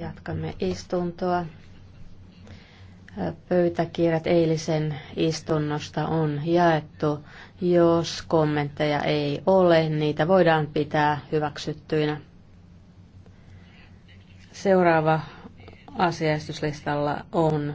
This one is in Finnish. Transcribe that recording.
Jatkamme istuntoa. Pöytäkirjat eilisen istunnosta on jaettu. Jos kommentteja ei ole, niitä voidaan pitää hyväksyttyinä. Seuraava asiaistuslistalla on